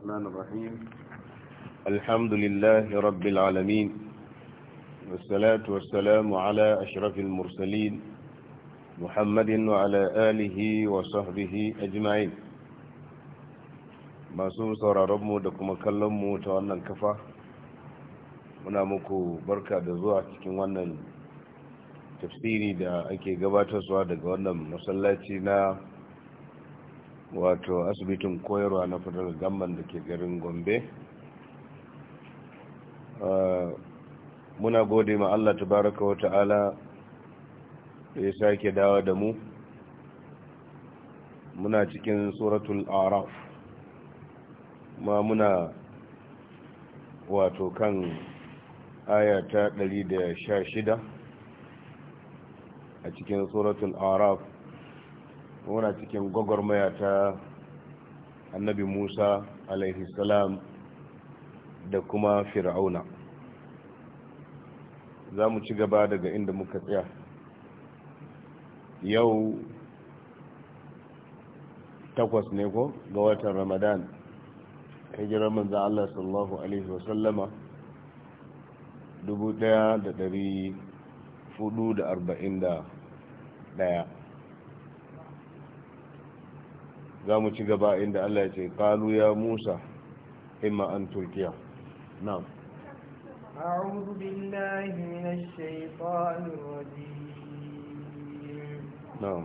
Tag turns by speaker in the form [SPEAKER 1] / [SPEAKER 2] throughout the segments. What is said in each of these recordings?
[SPEAKER 1] الرحمن الرحيم الحمد لله رب العالمين والصلاة والسلام على أشرف المرسلين محمد وعلى آله وصحبه أجمعين masu sauraronmu da kuma kallonmu ta wannan kafa muna muku barka da zuwa cikin wannan tafsiri da ake gabatarwa daga wannan masallaci na wato asibitin koyarwa na fadar gamban da ke garin gombe uh, muna gode ma allah tabaraka wa ta'ala da ya sake dawa da mu muna cikin suratul araf ma muna wato kan aya ta 116 a cikin suratul araf muna cikin gwagwarmaya ta annabi musa salam da kuma fir'auna za mu ci gaba daga inda muka tsaya yau takwas ne ko ga watan ramadan hijirar manza allah sallallahu alaihi wasallama 1441 za mu ci gaba inda Allah ya ce kalu ya musa imma an turkiya na'am
[SPEAKER 2] أعوذ بالله من الشيطان الرجيم نعم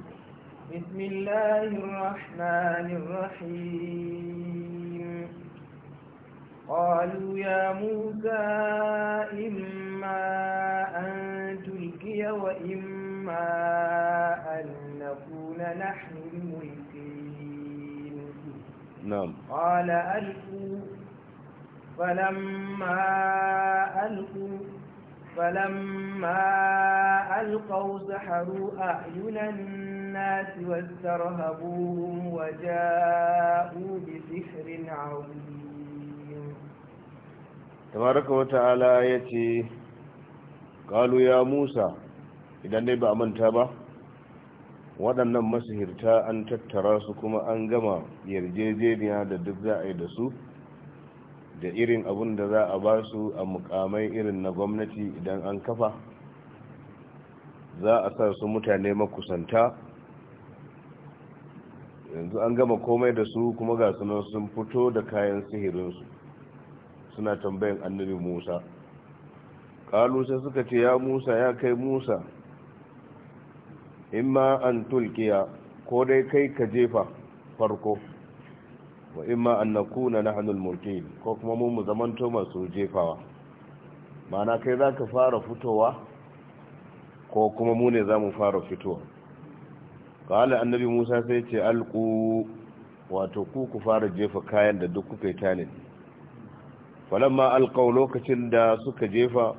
[SPEAKER 2] بسم الله الرحمن الرحيم قالوا يا موسى إما أن تلقي وإما أن نكون نحن الملكين نعم قال ألقوا فلما ألقوا فلما ألقوا سحروا أعين الناس واسترهبوهم وجاءوا بسحر عظيم
[SPEAKER 1] تبارك وتعالى يتي قالوا يا موسى إذا نبأ من تبه waɗannan masihirta an tattara su kuma an gama yarjejeniya da duk za a yi da su da irin abun da za a ba su a mukamai irin na gwamnati idan an kafa za a sa su mutane makusanta yanzu an gama komai da su kuma ga sunan sun fito da kayan sihirinsu suna tambayin annabi musa Ƙalusa suka ce ya musa ya kai musa imma an tulkiya ko dai kai ka jefa farko wa imma an nakuna na hannun mulkin ko kuma mu mu zamanto masu jefawa Mana kai za ka fara fitowa ko kuma mu ne za mu fara fitowa qala annabi Musa sai ce alku wato ku ku fara jefa kayan da duk kuka yi tanin falamma alqaw lokacin da suka jefa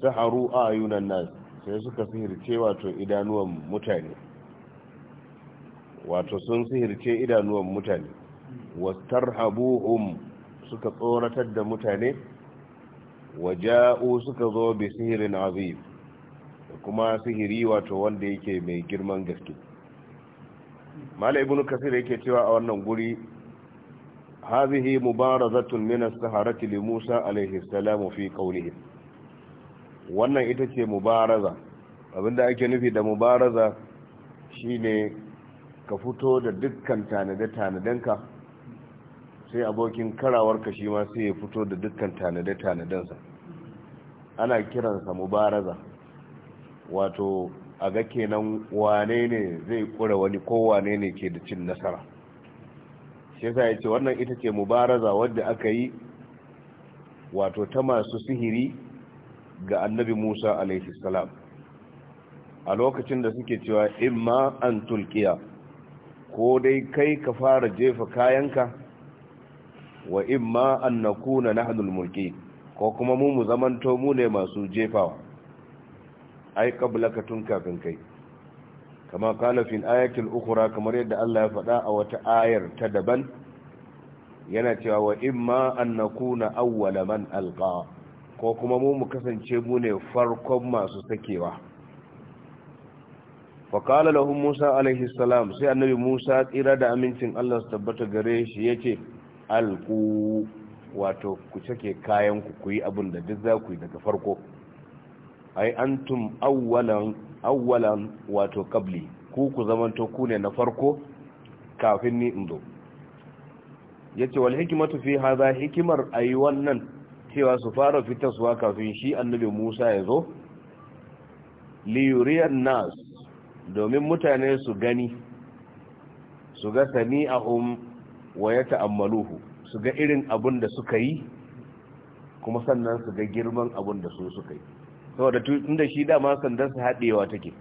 [SPEAKER 1] saharu a ayunan Nasi. sai suka sihirce wato idanuwan mutane wato sun sihirce idanuwan mutane Wastar Um suka tsoratar da mutane waja'u suka zo bi sihirin azim kuma sihiri wato wanda yake mai girman gaske malai ibnu kasir yake cewa a wannan guri hazihi mubarazatun min as-saharati li Musa alayhi salam fi qawlihi wannan ita ce mubaraza abinda ake nufi da mubaraza shine ka fito da dukkan tanade-tanadenka sai abokin karawarka shi ma sai ya fito da dukkan tanade-tanadensa ana kiransa mubaraza wato a ga kenan wane ne zai kura wani ko wane ne ke da cin nasara shi ya ce wannan ita ce mubaraza wadda aka yi wato ta masu sihiri ga annabi Musa alaihi salam a lokacin da suke cewa imma an tulkiya ko dai kai ka fara jefa kayanka wa imma an nakuna nahnul mulki ko kuma mu mu zamanto mu ne masu jefawa ai ka tun kafin kai kama kala fil ayatil kamar yadda Allah ya faɗa a wata ayar ta daban yana cewa wa imma an nakuna awwala man alqa ko kuma mu mu kasance mu ne farkon masu sakewa kala lahum musa alaihi salam sai annabi musa tsira da amincin allah su tabbata gare shi yace ce wato ku cike kayan ku ku yi abin da duk za ku yi daga farko ai antum awwalan awwalan wato qabli ku ku zamanto ku ne na farko kafin ni indo. yace ya ce wal hikmatu fi haza hikimar ayi wannan cewa su fara fitaswa kafin shi annabi Musa ya zo Liyuriyan nas domin mutane su gani su ga sami'ahum wa ya ta'ammaluhu su ga irin abin da suka yi kuma sannan su ga girman abin da su suka yi saboda tunda shi dama sandan su haɗewa take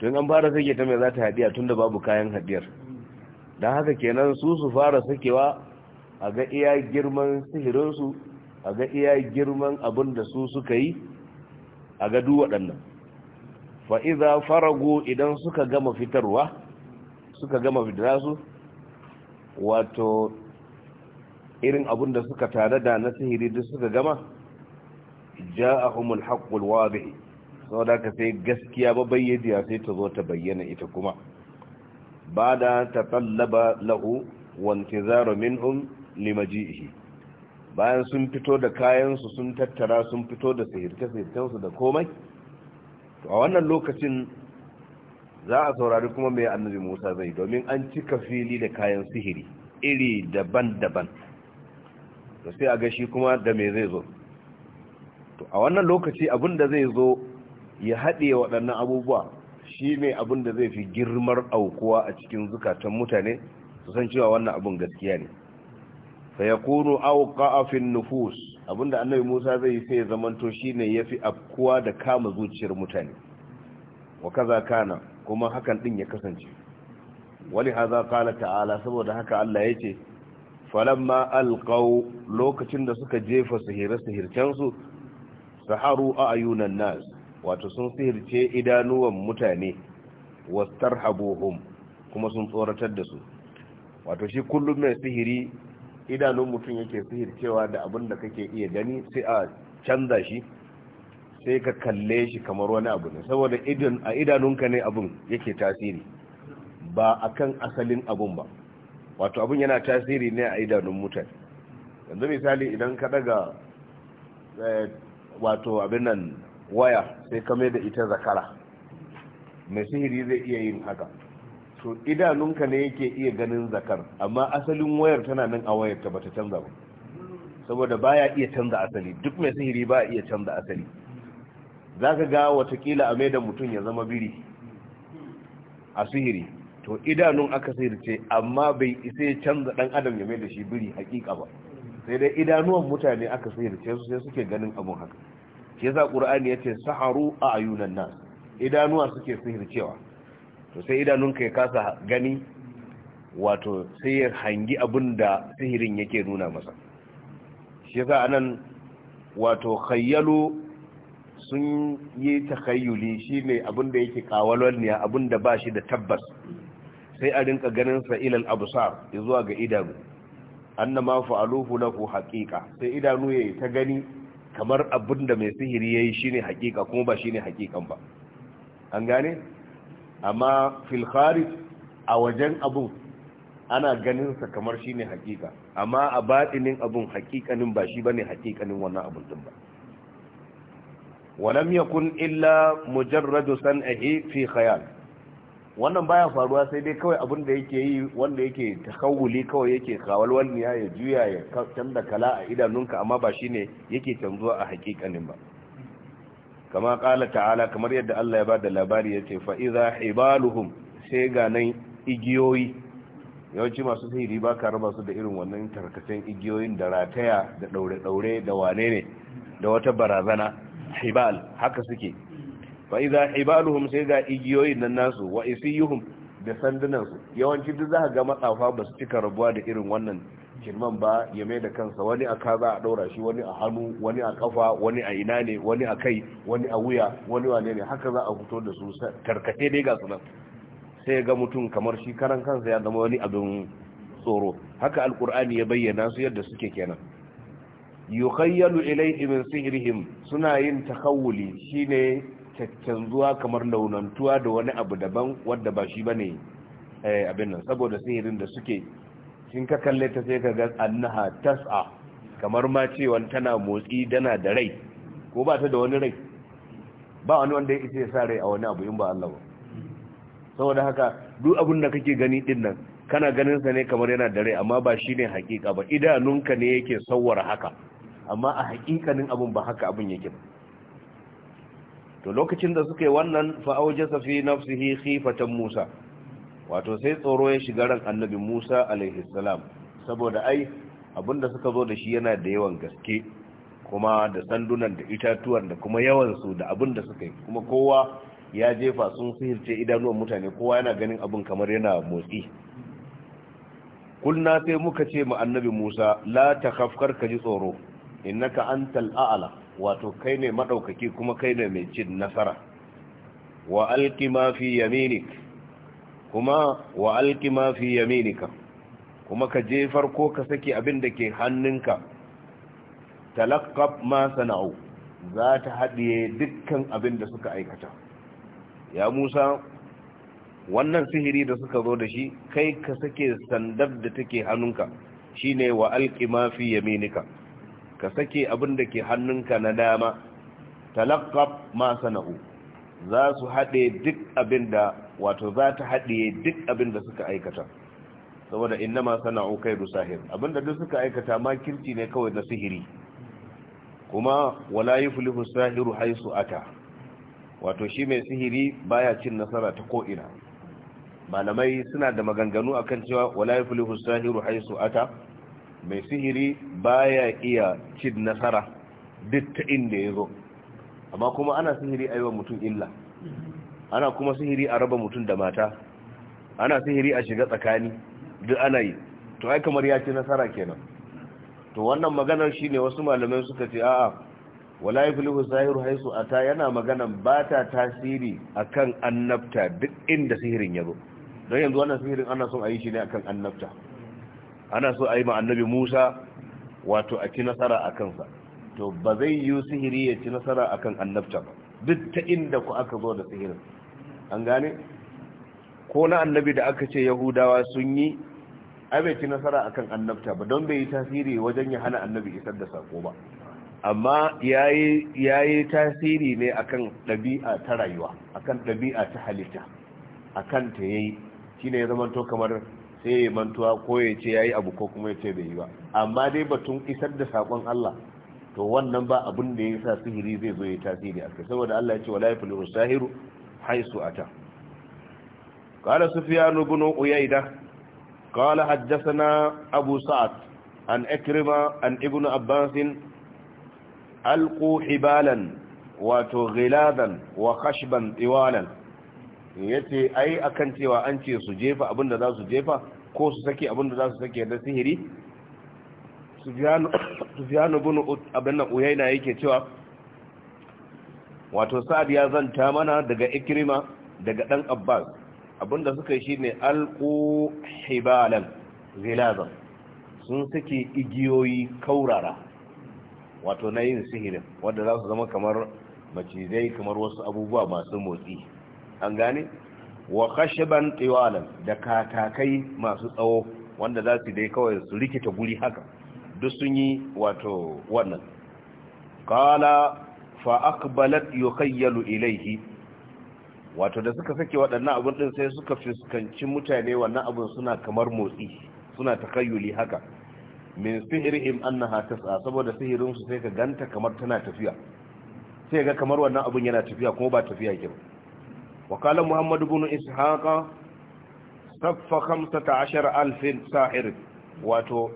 [SPEAKER 1] tun an fara sake ta mai za ta haɗiya tunda babu kayan haɗiyar don haka kenan su su fara sakewa a ga iya girman sihirinsu a ga iya girman abin da su suka yi a ga duk waɗannan fa'iza farago idan suka gama fitarwa suka gama fitarwa su wato irin abin da suka tare da na sihiri duk suka gama ja a ja'ahumul haqqul sau da ka sai gaskiya ba bayyana sai ta zo ta bayyana ita kuma ba da ta tallaba lahu min intizaru limaji ihi bayan sun fito da kayansu sun tattara sun fito da sihirce-sihircensu da komai a wannan lokacin za a saurari kuma mai annabi musa zai domin an cika fili da kayan sihiri iri daban-daban da sai a gashi kuma da mai zai zo to a wannan lokaci abin zai zo ya haɗe waɗannan abubuwa shi ne abin da zai fi girmar aukuwa a cikin zukatan mutane su san cewa wannan abin gaskiya ne fayakunu auqa'a fi nufus abinda annabi Musa zai yi sai zamanto shine yafi afkuwa da kama zuciyar mutane wa kaza kana kuma hakan din ya kasance wali hadha qala ta'ala saboda haka Allah yace falamma alqaw lokacin da suka jefa sihira sihircen su saharu ayunan nas wato sun sihirce idanuwan mutane wastarhabuhum kuma sun tsoratar da su wato shi kullum mai sihiri idanun mutum yake cewa da abin da kake iya gani sai a canza shi sai ka kalle shi kamar wani abu ne saboda a idanunka ne abin yake tasiri ba akan asalin abun ba wato abin yana tasiri ne a idanun mutane yanzu misali idan ka daga eh, wato abin nan waya sai ka mai da ita zakara mai sihiri zai iya yin haka to idanunka ne yake iya ganin zakar amma asalin wayar tana nan a wayar ta bata canza ba saboda baya iya canza asali duk mai sihiri ba iya canza asali za ka ga watakila a maida mutum ya zama biri a sihiri to idanun aka sihirce amma bai isa ya canza dan adam ya maida shi biri hakika ba sai dai idanuwan mutane aka sihirce su sai suke ganin abun haka shi yasa qur'ani yace saharu a ayunan nas idanuwa suke sihircewa to sai idanunka ya kasa gani wato sai ya hangi abin da sihirin yake nuna masa shi yasa anan wato khayyalu sun yi takhayyuli shine abin da yake kawalon ne abin da ba shi da tabbas sai a rinka ganin sa ilal absar zuwa ga idanu annama fa'aluhu lahu haqiqa sai idanu yayi ta gani kamar abin da mai sihiri yayi shine haqiqa kuma ba shine haqiqan ba an gane amma fil a wajen abun ana ganin sa kamar shine hakika amma a batinin abun hakikanin ba shi bane hakikanin wannan abun din ba walam yakun illa mujarradu san'ahi fi khayal wannan baya faruwa sai dai kawai abun da yake yi wanda yake takawuli kawai yake kawalwal ya ya juya ya canza kala a idanunka amma ba shine yake canzuwa a hakikanin ba kama kala ta'ala kamar yadda Allah ya ba da labari ya ce fa'iza hibaluhum sai ga nan igiyoyi yawanci masu sihiri ba ka raba su da irin wannan tarkacen igiyoyin da rataya da ɗaure-ɗaure da wane ne da wata barazana hibal haka suke fa'iza hibaluhum sai ga igiyoyin nan nasu wa da sandunansu yawanci duk za ga matsafa ba su cika rabuwa da irin wannan girman ba ya mai da kansa wani a kaza a ɗaura shi wani a hannu wani a kafa wani a ina ne wani a kai wani a wuya wani wane ne haka za a fito da su tarkace dai ga su nan sai ga mutum kamar shi karan kansa ya zama wani abin tsoro haka alkur'ani ya bayyana su yadda suke kenan yukhayyalu ilayhi min sihrihim suna yin takawuli shine caccanzuwa kamar launantuwa da wani abu daban wanda ba shi bane eh, abin nan saboda sihirin da suke in ka kalle ta sai ka ga annaha tas'a kamar ma cewa tana motsi dana da rai ko ba ta da wani rai ba wani wanda ya isa ya sa rai a wani abu in ba Allah ba saboda haka duk abin da kake gani din nan kana ganin sa ne kamar yana da rai amma ba shine hakika ba idanunka ne yake sawwara haka amma a hakikanin abin ba haka abin yake ba to lokacin da suka yi wannan fa fi nafsihi khifatan Musa wato sai tsoro ya shiga ran annabi Musa alaihi salam saboda ai abinda suka zo da shi yana da yawan gaske kuma da sandunan da itatuwan da kuma yawan su da abinda suka yi kuma kowa ya jefa sun sihirce idanuwan mutane kowa yana ganin abin kamar yana motsi kulna sai muka ce ma annabi Musa la takhaf ka ji tsoro innaka antal a'ala wato kai ne madaukaki kuma kai ne mai cin nasara wa alqi ma fi yaminik kuma wa alki ma fi yaminika kuma ka je farko ka saki abin da ke hannunka talaqqab ma sana'u za ta haɗiye dukkan abin da suka aikata ya Musa wannan sihiri da suka zo da shi kai ka sake sandar da take hannunka shine wa alki ma fi yaminika ka sake abin da ke hannunka na dama talaqqab ma sana'u za su haɗe duk abin da wato za ta haɗiye duk abin da suka aikata saboda inna ma sana'u kaidu sahir abinda duk suka aikata ma kirci ne kawai na sihiri kuma wala yuflihu sahiru haisu ata wato shi mai sihiri baya cin nasara ta ko'ina. malamai suna da maganganu akan cewa wala yuflihu sahiru haisu ata mai sihiri baya iya cin nasara duk ta inda ya zo amma kuma ana sihiri a aiwa mutum illa ana kuma sihiri a raba mutum da mata ana sihiri a shiga tsakani duk ana yi to ai kamar ya ce nasara kenan to wannan maganar shine wasu malamai suka ce a'a wala yuflihu sahiru haisu ata yana maganan ba ta tasiri akan annabta duk inda sihirin ya zo don yanzu wannan sihirin ana son a yi shi ne akan annabta ana so a yi ma annabi Musa wato a ci nasara a kansa to ba zai yi sihiri ya ci nasara akan annabta ba duk ta inda ku aka zo da sihirin an gane ko na annabi da aka ce yahudawa sun yi bai ci nasara akan annabta ba don bai yi tasiri wajen ya hana annabi isar da sako ba amma ya yi tasiri ne akan ɗabi'a ta rayuwa akan ɗabi'a ta halitta kan ta yayi shine ya zamanto kamar sai ya mantuwa ko ya ce ya yi abu ko kuma ya ce bai yi ba amma dai batun isar da sakon Allah to wannan ba abin da ya sa sihiri zai zo ya tasiri a kai saboda Allah ya ce wala yafilu sahiru haisu ata qala sufyan uyaida uyayda qala na abu sa'ad an ikrima an ibn abbas alqu hibalan wato ghiladan wa khashban tiwalan yace ai akan cewa an ce su jefa abinda za su jefa ko su sake abinda za su sake da sihiri sufyan ibn abin uyayna yake cewa wato sa'ad ya zanta mana daga ikrima daga dan abbas abinda suka yi shine alqu hibalan zilaza sun sake igiyoyi kaurara wato na yin sihirin wanda za su zama kamar macizai kamar wasu abubuwa masu motsi an gane wa khashban tiwalan da katakai masu tsawo wanda za su dai kawai su rikita guri haka duk sun yi wato wannan kala fa aqbalat yukhayyalu ilayhi wato da suka sake waɗannan abun ɗin sai suka fuskanci mutane wannan abun suna kamar motsi suna takayyuli haka min sihirihim annaha tas'a saboda sihirin su sai ka ganta kamar tana tafiya sai ga kamar wannan abun yana tafiya kuma ba tafiya ke ba wa qala muhammad ibn ishaqa saffa 15000 sahir wato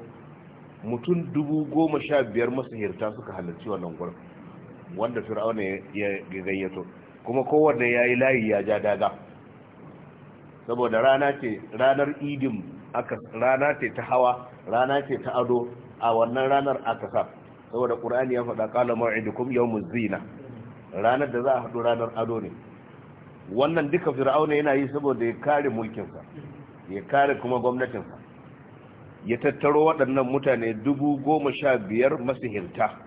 [SPEAKER 1] mutum 15000 masihirta suka halarci wannan gurbin wanda fir'auna ya gayyato kuma kowanne ya yi layi ya ja daga saboda rana ce ranar idin aka rana ce ta hawa rana ce ta ado a wannan ranar aka sa saboda qur'ani ya faɗa qala maw'idukum yawmuz zina ranar da za a haɗu ranar ado ne wannan duka fir'auna yana yi saboda ya kare mulkinsa ya kare kuma gwamnatinsa ya tattaro waɗannan mutane dubu goma sha biyar masihirta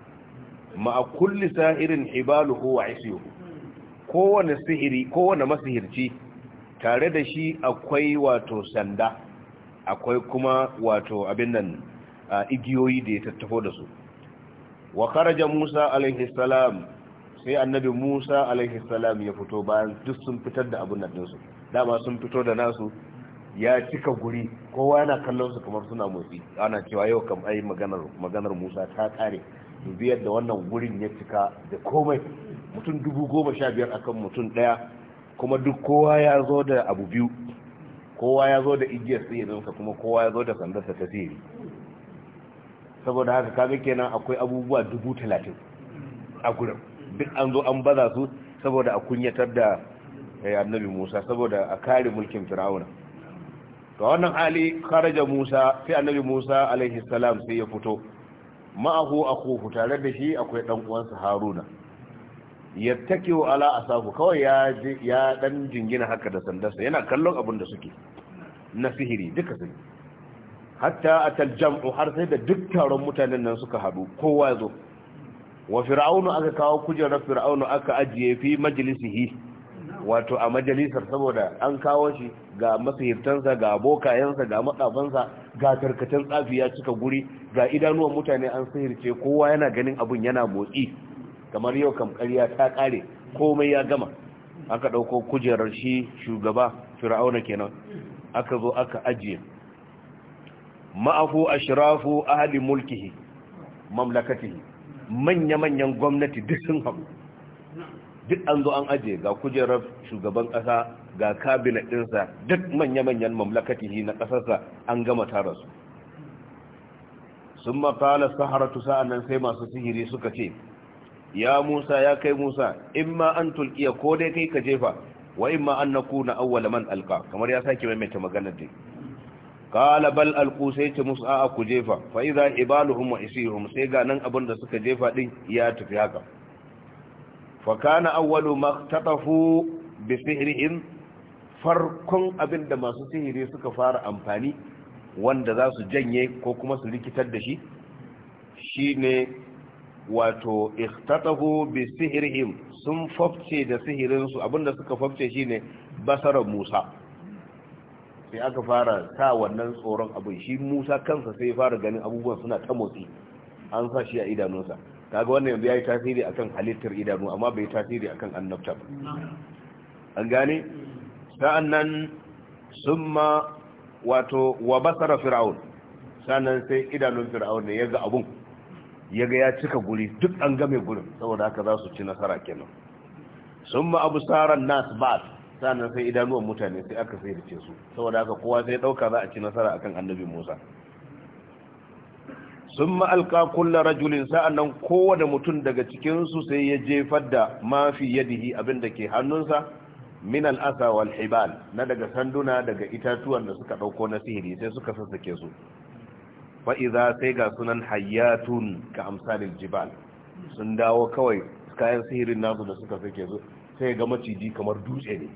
[SPEAKER 1] ma'a kulli sahirin hibaluhu wa isyuhu kowane sihiri kowane masihirci tare da shi akwai wato sanda akwai kuma wato abin nan igiyoyi da ya tattafo da su wa kharaja Musa alaihi salam sai annabi Musa alaihi salam ya fito bayan duk sun fitar da abun nan din dama sun fito da nasu ya cika guri kowa yana kallon su kamar suna motsi ana cewa yau kam ai maganar maganar Musa ta kare dubi yadda wannan gurin ya cika da komai mutum dubu goma sha biyar akan mutum daya kuma duk kowa ya zo da abu biyu kowa ya zo da igiyar tsirinsa kuma kowa ya zo da sandarsa ta tsiri saboda haka kaga kenan akwai abubuwa dubu talatin a gurin duk an zo an baza su saboda a kunyatar da eh, annabi musa saboda a kare mulkin fir'auna ga wannan hali kharaja Musa fi annabi Musa alaihi salam sai ya fito ma'ahu akuhu tare da shi akwai dan uwansa Haruna yattakiu ala asafu kawai ya ya dan jingina haka da sandarsa yana kallon abin da suke na sihiri duka sun hatta atal jam'u har sai da duk taron mutanen nan suka hadu kowa ya zo wa fir'aunu aka kawo kujerar fir'aunu aka ajiye fi majlisihi wato a majalisar saboda an kawo shi ga masahiftansa, ga abokayensa, ga matsafansa ga tarkacen tsafi ya cika guri ga idanuwan mutane an sihirce kowa yana ganin abin yana motsi kamar yau kamkariya ta kare komai ya gama aka ɗauko kujerar shi shugaba fir'auna kenan aka zo aka ajiye ma'afu ashrafu ahli mulkihi mamlakatihi manya-manyan gwamnati duk sun haɗu duk an zo an aje ga kujerar shugaban ƙasa ga kabinet ɗinsa duk manya-manyan mamlakatihi na ƙasarsa an gama tara su sun mafala saharatu sa'an nan sai masu sihiri suka ce ya musa ya kai musa in ma an tulkiya ko dai kai ka jefa wa in ma an na kuna awwala man alka kamar ya sake maimaita maganar dai kala bal alku sai ce musu a ku jefa fa iza ibaluhum wa isihum sai ga nan abin da suka jefa ɗin ya tafi haka fakana awwalu ma tatafu bi sihrihim farkon abin da masu sihiri suka fara amfani wanda za su janye ko kuma su rikitar da shi shine wato ikhtatahu bi sun fafce da sihirinsu abinda suka fafce shine basarar Musa sai aka fara ta wannan tsoron abin shi Musa kansa sai ya fara ganin abubuwan suna ta motsi an sa shi a idanunsa kaga wannan yanzu yayi tasiri akan halittar idanu amma bai tasiri akan annabta ba an gane sa'annan summa wato wa basara fir'aun sannan sai idanun fir'aun ne ya ga abun ya ga ya cika guri duk an game gurin saboda haka za su ci nasara kenan summa Saran nas ba'd sannan sai idanuwan mutane sai aka sai da ce su saboda haka kowa sai dauka za a ci nasara akan annabi Musa sun ma'alƙa kulla rajulin sa'annan kowane mutum daga cikinsu sai ya jefar da mafi yadihi abin da ke hannunsa min al'asa wal hibal na daga sanduna daga itatuwan da suka ɗauko na sihiri sai suka sassake su fa'iza sai ga sunan hayyatun ka amsalin jibal sun dawo kawai kayan sihirin nasu da suka sake su sai ga maciji kamar dutse ne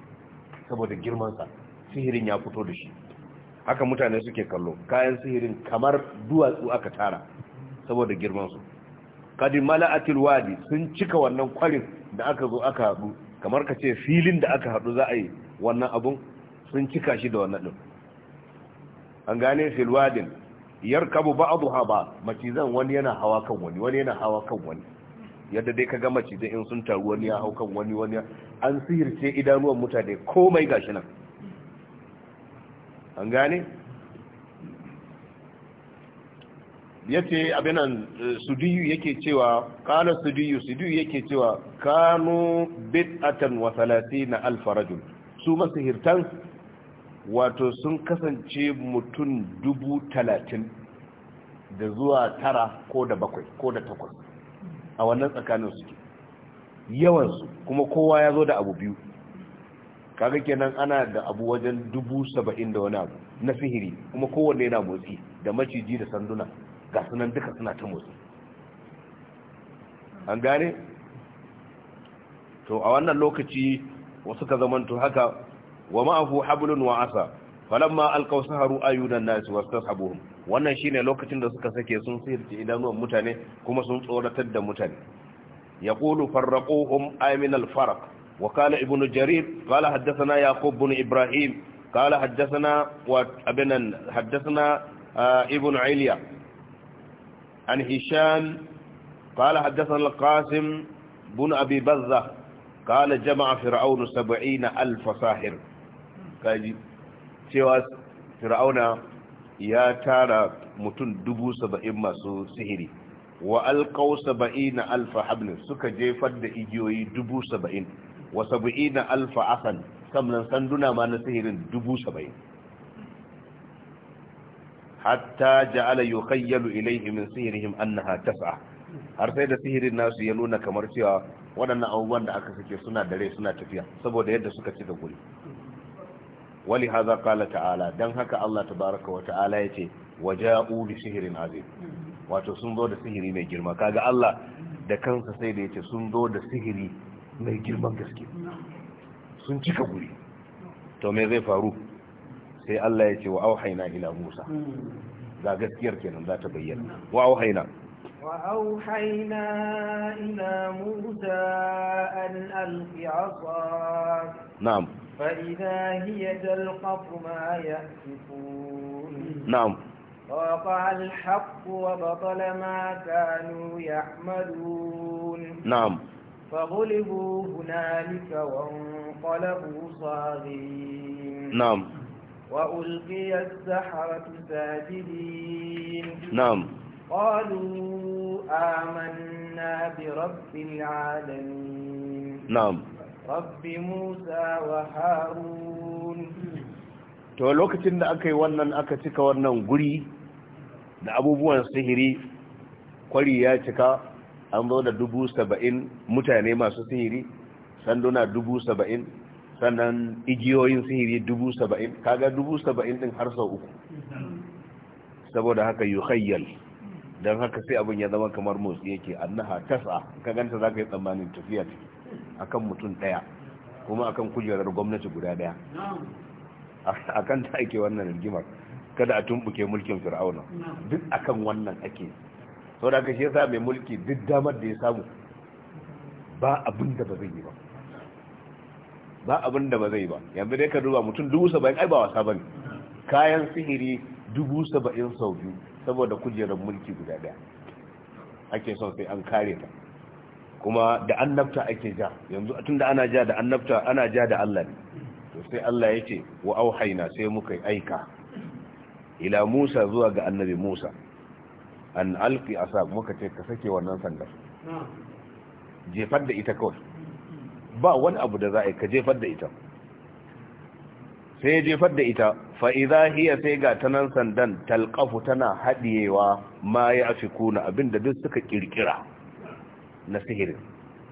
[SPEAKER 1] saboda girmansa sihirin ya fito da shi haka mutane suke kallo kayan sihirin kamar duwatsu aka tara saboda girmansu kadi mala'atul wadi sun cika wannan kwarin da aka zo aka haɗu kamar ka ce filin da aka haɗu za a yi wannan abun sun cika shi da wannan ɗin an gane filwadin yarkabu ba'dha ba macizan wani yana hawa kan wani wani yana hawa kan wani yadda dai kaga macizan in sun taru wani ya hau kan wani wani an sihirce idanuwan mutane komai gashi nan an gane ya ce abinan sudiyu yake cewa kala sudiyu sudiyu yake cewa kanu bid'atan wa na alfarajun su masihirtan wato sun kasance mutum dubu talatin da zuwa tara ko da bakwai ko da takwas a wannan tsakanin suke yawansu kuma kowa ya zo da abu biyu kaga kenan ana da abu wajen dubu saba'in da wani abu na sihiri kuma kowanne yana motsi da maciji da sanduna ga sunan duka suna ta motsi an gane to a wannan lokaci wasu ka zamanto haka wa ma'afu hablun wa asa falamma alqaw saharu wasu nas wastashabuhum wannan shine lokacin da suka sake sun sirce idanuwan mutane kuma sun tsoratar da mutane ya farraquhum ay min farak وقال ابن جرير قال حدثنا يعقوب بن إبراهيم قال حدثنا وابن حدثنا ابن عليا عن هشام قال حدثنا القاسم بن أبي بزة قال جمع فرعون سبعين ألف ساحر kaji cewa fir'auna ya tara mutum dubu saba'in masu sihiri wa alƙau saba'in na alfa suka jefar da igiyoyi dubu saba'in wa sab'ina alfa asan sannan sanduna ma na sihirin dubu saba'in hatta ja'ala yukhayyalu ilayhi min sihirihim annaha tas'a har sai da sihirin nasu ya nuna kamar cewa waɗannan abubuwan da aka sake suna dare suna tafiya saboda yadda suka ci da guri wali haza qala ta'ala dan haka Allah tabaraka wa ta'ala yace waja'u bi sihirin azim wato sun zo da sihiri mai girma kaga Allah da kansa sai da yace sun zo da sihiri mai girman gaske
[SPEAKER 3] sun cika guri
[SPEAKER 1] to me zai faru sai Allah ya ce wa auhaina ila Musa ga gaskiyar kenan za ta bayyana wa auhaina
[SPEAKER 2] وأوحينا إلى موسى أن ألق عصاك نعم فإذا هي تلقف ما يأفكون Na'am. وقع الحق وبطل ما كانوا يعملون نعم فغلبوا هنالك وانقلبوا صاغرين نعم وألقي السحرة ساجدين نعم قالوا آمنا برب العالمين نعم رب موسى وهارون
[SPEAKER 1] to lokacin da aka yi wannan aka cika wannan guri da abubuwan sihiri kwari ya cika an zo da dubu saba'in mutane masu sihiri sanduna dubu saba'in sannan igiyoyin sihiri dubu saba'in kaga dubu saba'in din har sau uku saboda haka yi hayyal don haka sai abin ya zama kamar motsi yake annaha tasa ka ganta za ka yi tsammanin tafiya ce kan mutum ɗaya kuma akan kujerar gwamnati guda ɗaya kan ta ake wannan rigimar kada a tumbuke mulkin fir'auna duk akan wannan ake sau da shi yasa mai mulki duk damar da ya samu ba abin da ba zai yi ba ba abin da ba zai ba yanzu dai ka duba mutum dubu saba'in ai ba wasa ba ne kayan sihiri dubu saba'in sau biyu saboda kujerar mulki guda daya ake son sai an kare ta kuma da annabta ake ja yanzu tun da ana ja da annabta ana ja da Allah ne to sai Allah ya ce wa auhaina sai muka aika ila Musa zuwa ga annabi Musa an alki sa muka ce ka sake wannan sandar jefar da ita kawai ba wani abu da za a yi ka jefar da ita sai jefar da ita fa'iza hiya sai ga tanan sandan talƙafu tana haɗiyewa ma ya fi kuna abinda duk suka ƙirƙira na sihirin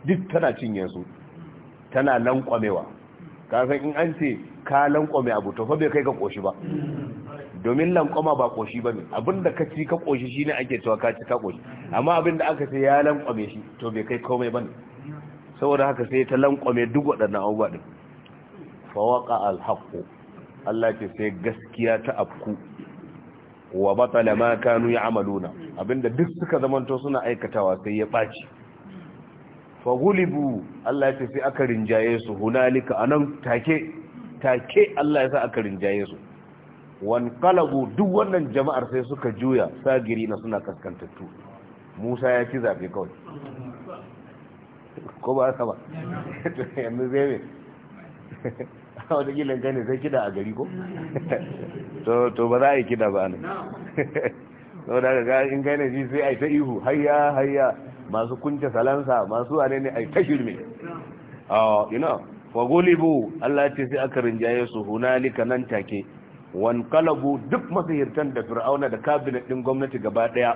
[SPEAKER 1] duk tana cinye su tana lankwamewa kasan in an ce ka lankwame abu to bai kai ka ƙoshi ba domin lankwama ba koshi ba ne abinda ka ci ka koshi shine ake cewa ka ci ka koshi amma abinda aka sai ya lankwame shi to bai kai komai ba ne saboda haka sai ta lankwame duk waɗannan abubuwa din fawaka alhaqqu Allah ce sai gaskiya ta afku wa batala ma kanu ya'maluna abinda duk suka zamanto suna aikatawa sai ya baci fagulibu Allah ce sai aka rinjaye su hunalika anan take take Allah ya sa aka rinjaye su wanqalabu duk wannan jama'ar sai suka juya sagiri na suna kaskantattu Musa ya ci zabe kawai ko ba haka ba yanzu zai ne a wata gilin gane sai kida a gari ko to ba za a yi kida ba ne sau da ga in gane shi sai a yi ta ihu hayya hayya masu kunce salansa masu wane ne a yi ta shirme a ah, yana fagulibu allah ce sai aka rinjaye su hunalika nan take wankalabu duk masahirtan da fir'auna da kabinet din gwamnati gaba daya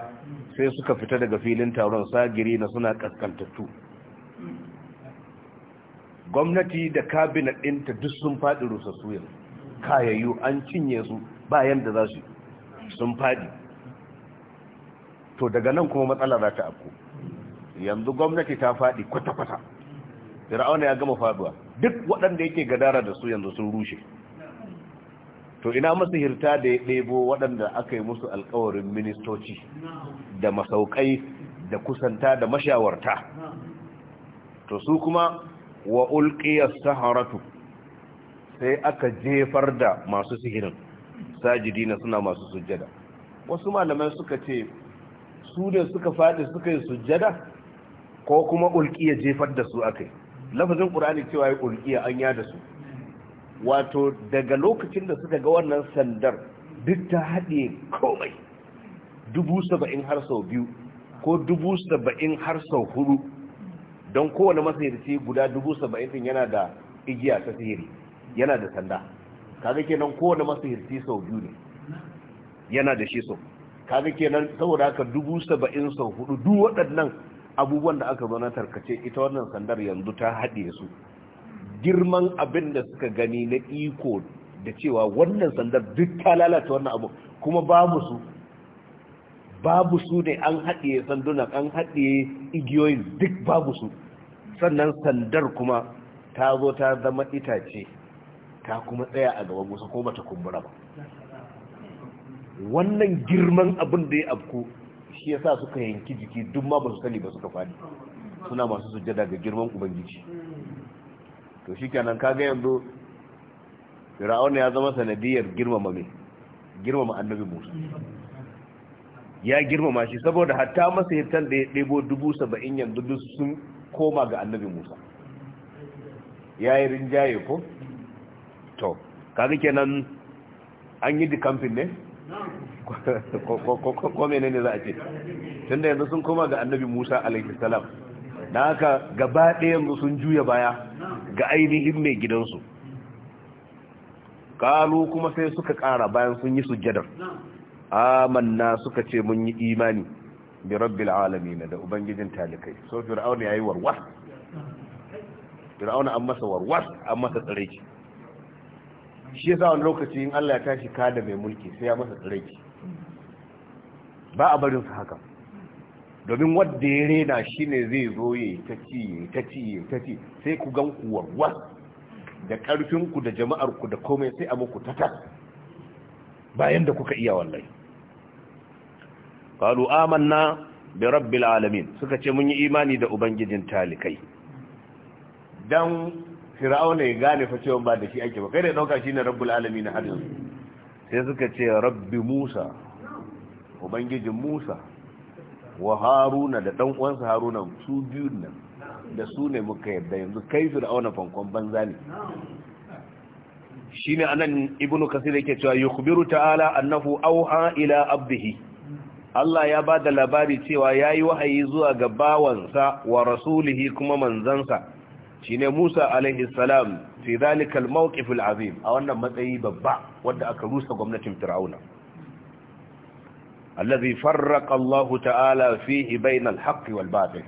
[SPEAKER 1] sai suka fita daga filin taron sagiri na suna kaskantattu gwamnati da kabinet ta duk sun faɗi rusassu yanzu kayayyu an cinye su bayan da za su sun faɗi to daga nan kuma matsala za ta abu. yanzu gwamnati ta faɗi kwata-kwata fir'auna ya gama faduwa duk waɗanda yake gadara da su yanzu sun rushe to ina masihirta da ya ɗebo waɗanda aka yi musu alkawarin ministoci da masaukai da kusanta da mashawarta to su kuma wa ulqiyas saharatu sai aka jefar da masu sihirin na suna masu sujjada wasu malamai suka ce su da suka faɗi suka yi sujjada ko kuma ulqiya jefar da su akai lafazin ƙura'ani cewa ya ulqiya an yada su wato daga lokacin da suka ga wannan sandar duk ta haɗe komai dubu saba'in har sau biyu ko dubu saba'in har sau hudu don kowane masayarci guda dubu saba'in din yana da igiya ta sihiri yana da sanda kaga kenan kowane masayarci sau biyu ne yana da shi sau kaga kenan saboda haka dubu saba'in sau hudu duk waɗannan abubuwan da aka zo na tarkace ita wannan sandar yanzu ta haɗe su girman abin da suka gani na iko da cewa wannan sandar duk ta lalata wannan abu kuma babu su babu su ne an haɗiye sanduna an haɗiye igiyoyin duk babu su sannan sandar kuma ta zo ta zama itace ta kuma tsaya a gaban musa ko bata kumbura ba wannan girman abin da ya afku shi ya sa suka yanki jiki duk ma ba su sani ba suka fadi suna masu sujada ga girman ubangiji to shikenan kaga yanzu fir'auna ya zama sanadiyar girmama me girmama annabi Musa ya girmama shi saboda hatta masa yattan da ya ɗebo dubu saba'in yanzu duk sun koma ga annabi Musa ya yi rinjaye ko? to kaga kenan an yi dikamfin ne? ko mene ne za a ce tunda yanzu sun koma ga annabi Musa a.s. na haka gaba ɗaya yanzu sun juya baya ga ainihin mai gidansu kalu kuma sai suka kara bayan sun yi sujjadar amanna suka ce mun yi imani bi rabbil alamin da ubangijin talikai so fir'auna yayi warwas fir'auna an masa warwas an masa tsareki shi yasa wani lokaci in Allah ya tashi kada mai mulki sai ya masa tsareki ba a barin su haka domin wadda ya rena shi ne zai zo ya ta ciye ta ciye ta ciye, sai ku gan ku warwar da ƙarfinku da jama'arku da komai sai a muku tatas bayan da kuka iya wallai. qalu amanna bi rabbil alamin suka ce mun yi imani da ubangijin talikai dan fir'auna ya gane fa cewa ba da shi ake ba kai da dauka shine rabbul alamin har sai suka ce rabbi musa ubangijin musa wa haruna da dan uwansa haruna su biyu nan da su ne muka yanzu kai su da auna fankon banza ne shine anan ibnu kasir yake cewa yukhbiru ta'ala annahu auha ila abdihi Allah ya ba da labari cewa ya yi wahayi zuwa ga bawansa wa rasulihi kuma manzansa shi ne Musa alaihissalam fi zalikal mawqifil azim a wannan matsayi babba wadda aka rusa gwamnatin Fir'auna. allazi farraqa Allah ta'ala fihi bainal haqqi wal batil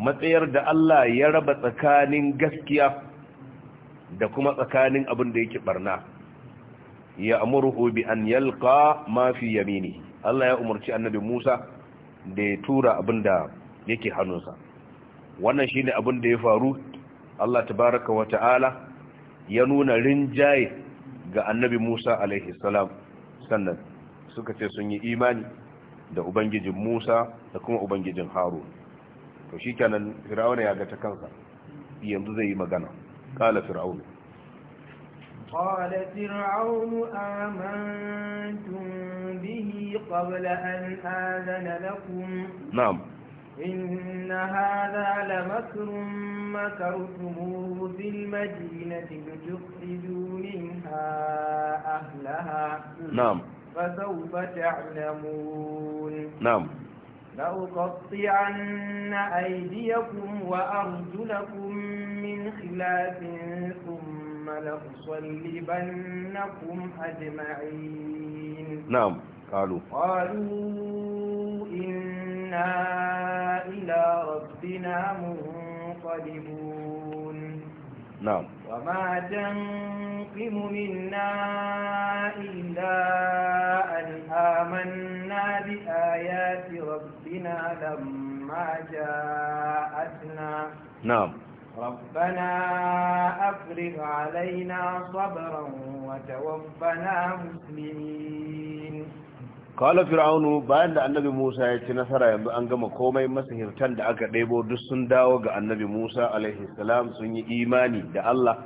[SPEAKER 1] matsayar da Allah ya raba tsakanin gaskiya da kuma tsakanin abin da yake barna ya amurhu bi an yalqa ma fi yamini Allah ya umarci annabi Musa da ya tura abin da yake hannunsa wannan shine abin da ya faru Allah tabaraka wa ta'ala ya nuna rinjaye ga annabi Musa alaihi salam sannan suka ce sun yi imani da ubangijin Musa da kuma ubangijin Harun to shi kenan Fir'auna ya ga ta kansa yanzu zai yi magana kala Fir'auna
[SPEAKER 2] قال فرعون آمنتم به قبل أن آذن لكم نعم إن هذا لمكر مكرتموه في المدينة لتخرجوا منها أهلها نعم فسوف تعلمون نعم لأقطعن أيديكم وأرجلكم من خلاف ثم لأصلبنكم أجمعين نعم قالوا قالوا إنا إلى ربنا منقلبون
[SPEAKER 1] نعم وما
[SPEAKER 2] تنقم منا إلا أن آمنا بآيات ربنا لما جاءتنا نعم ربنا أفرغ علينا صبرا وتوفنا مسلمين
[SPEAKER 1] kala fir'aunu bayan da annabi musa ya ci nasara yanzu an gama komai masahirtan da aka ɗebo duk sun dawo ga annabi musa alaihi salam sun yi imani da allah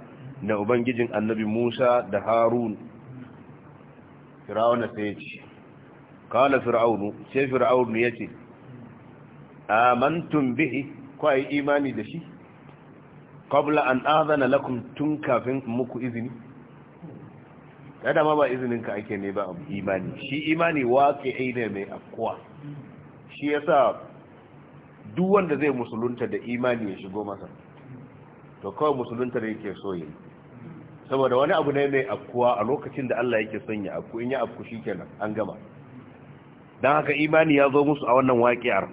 [SPEAKER 1] da ubangijin annabi musa da harun fir'auna sai ce kala fir'aunu sai fir'aunu ya ce amantum bihi kwa imani da shi qabla an azana lakum tun kafin muku izini ya dama ba izinin ka ake ne ba abu imani shi imani wake aine mai afkuwa shi sa duk wanda zai musulunta da imani ya shigo masa to kawai musulunta da yake so yi saboda wani abu ne mai afkuwa a lokacin da Allah yake sanya ya afku in ya afku kenan an gama don haka imani ya zo musu a wannan waƙiyar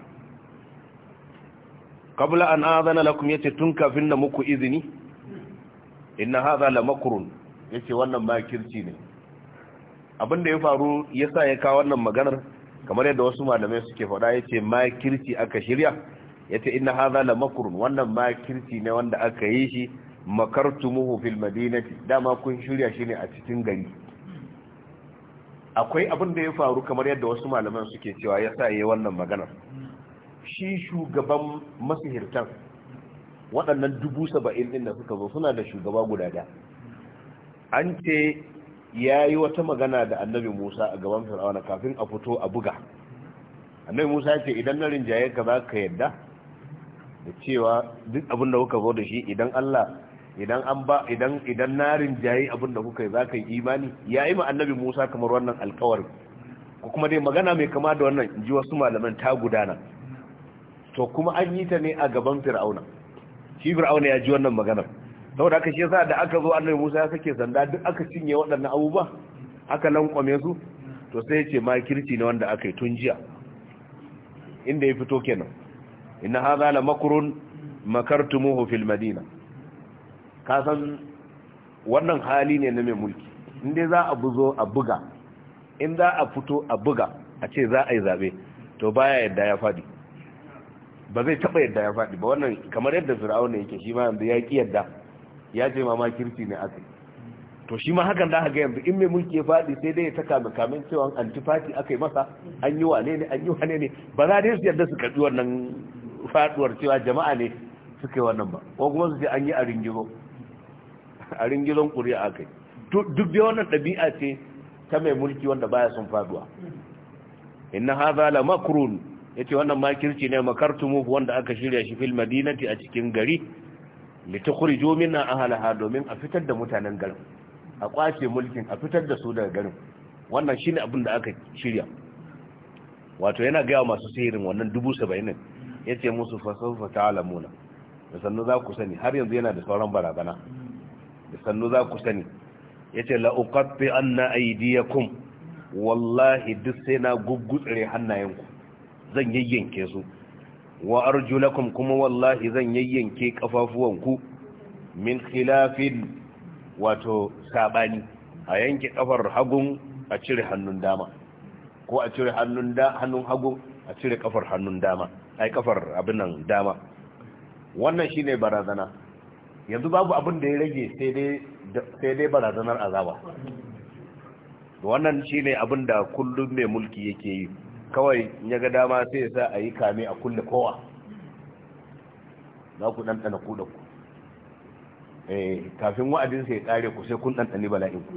[SPEAKER 1] kabla an adana lakum yace tun kafin na muku izini inna hadha lamakrun ya ce wannan makirci ne abinda ya faru ya sa ya kawo wannan maganar kamar yadda wasu malamai suke faɗa ya ce makirci aka shirya ya ce ina haza da makurun wannan makirci ne wanda aka yi shi makartu muhu fil madinati dama kun shirya shi ne a cikin gari akwai abin da ya faru kamar yadda wasu malamai suke cewa ya sa yi wannan maganar shi shugaban masihirtan waɗannan dubu saba'in ɗin da suka zo suna da shugaba guda daya an ce ya yi wata magana da annabi musa a gaban fir'auna kafin a fito a buga annabi musa ce idan na rinjaye ka za ka yadda da cewa duk abin da kuka zo da shi idan allah idan an ba idan idan na rinjaye abin da kuka yi za ka yi imani ya yi ma annabi musa kamar wannan alkawari ko kuma dai magana mai kama da wannan in ji wasu malaman ta gudana to kuma an yi ta ne a gaban fir'auna shi fir'auna ya ji wannan maganar saboda aka shi yasa da aka zo annabi Musa ya sake sanda duk aka cinye waɗannan abubuwa aka lankwame su to sai ya ce makirci ne wanda aka yi tun jiya inda ya fito kenan inna hadha la makrun makartumuhu fil madina ka san wannan hali ne na mai mulki inda za a buzo a buga in za a fito a buga a ce za a yi zabe to baya yadda ya fadi ba zai taba yadda ya fadi ba wannan kamar yadda fir'auna yake shi ma yanzu ya ƙi yadda ya ce ma makirci ne aka to shi ma hakan da ga yanzu in mai mulki ya faɗi sai dai ya taka makamin cewa antifati aka yi masa an yi wane ne an yi wane ne ba za dai su yarda su karɓi wannan faɗuwar cewa jama'a ne suka yi wannan ba ko kuma su ce an yi a ringiro a ringiron ƙuri'a aka yi duk dai wannan ɗabi'a ce ta mai mulki wanda baya son faduwa inna hadha la makrun yace wannan makirci ne makartumu wanda aka shirya shi fil madinati a cikin gari litukhriju minnā ahlahā domin a fitar da mutanen garin a kwace mulkin a fitar da su daga garin wannan shine abin da aka shirya wato yana ga masu sihirin wannan 70 yace musu fasawfa ta'lamuna da sannu za ku sani har yanzu yana da sauran barazana da sannu za ku sani yace la uqatti anna aydiyakum wallahi duk sai na guggutsare hannayenku zan yayyanke su wa arjulakum kuma wallahi zan yayyanke kafafuwanku min khilafin wato sabani a yanke kafar hagun a cire hannun dama ko a cire hannun da hannun hagu a cire kafar hannun dama ai kafar abin nan dama wannan shine barazana yanzu babu abin da ya rage sai dai sai dai barazanar azaba wannan shine abin da kullum mai mulki yake yi kawai ya ga dama sai ya sa a yi kame a kulle kowa za ku ɗanɗana ku da ku eh, kafin wa'adin sai ya ƙare ku sai kun ɗanɗani bala'in ku